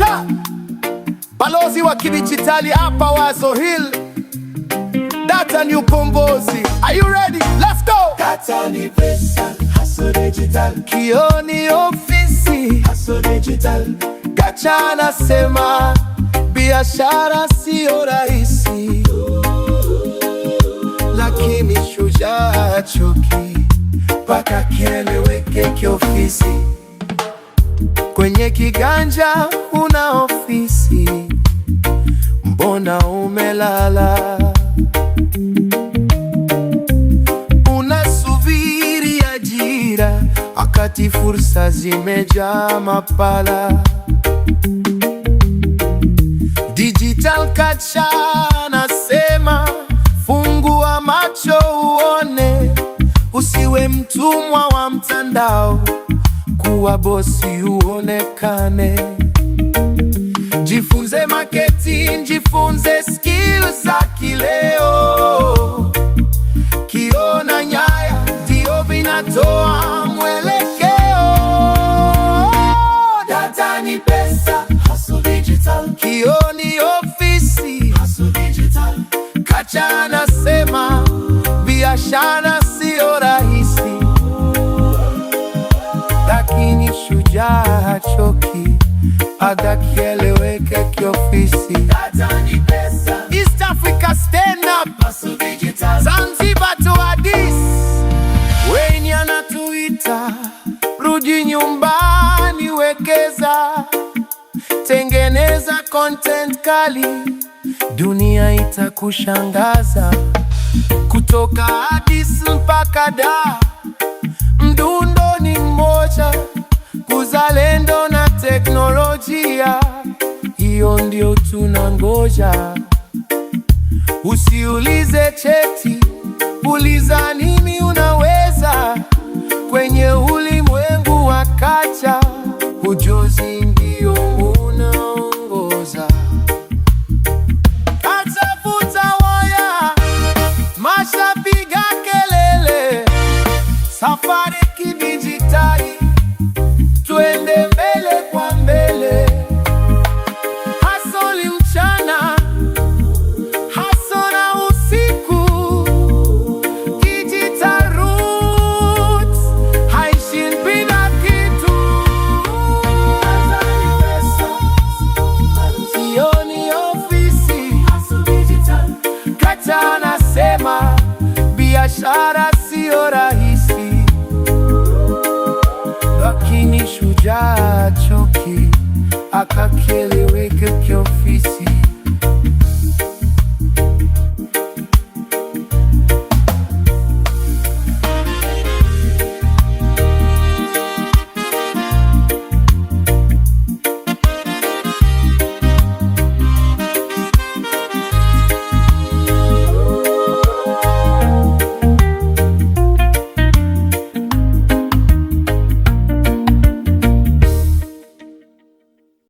cha balozi wa kidijitali hapa Wazo Hill, data ni ukombozi. Are you ready? Let's go. Data ni pesa, Haso Digital. Kio ni ofisi, Haso Digital. Gacha anasema biashara siyo rahisi, lakini shujaa choki mpaka kieleweke kiofisi Kwenye kiganja una ofisi, mbona umelala? Unasubiri ajira, akati fursa zimejaa mapala. Digital Kacha anasema fungua macho uone, usiwe mtumwa wa mtandao kuwa bosi uonekane. Jifunze marketing, jifunze skills za kileo. Kiona nyaya ndio vinatoa mwelekeo. Data ni pesa, Hustle Digital. Kioni ofisi, Hustle Digital. Kacha anasema biashara shujaa hachoki, adakieleweke kiofisi. East Africa stand up, Zanzibar to Addis. Weni anatuita rudi nyumbani, wekeza, tengeneza content kali, dunia itakushangaza. Kutoka Addis mpaka Dar, mdundo ni mmoja. hiyo ndio tunangoja. Usiulize cheti, uliza nini unaweza. Kwenye ulimwengu wa kacha, ujuzi ndio unaongoza. Atafuta waya, masha, piga kelele, safari biashara siyo rahisi, lakini shujaa choki akakieleweka kiofisi.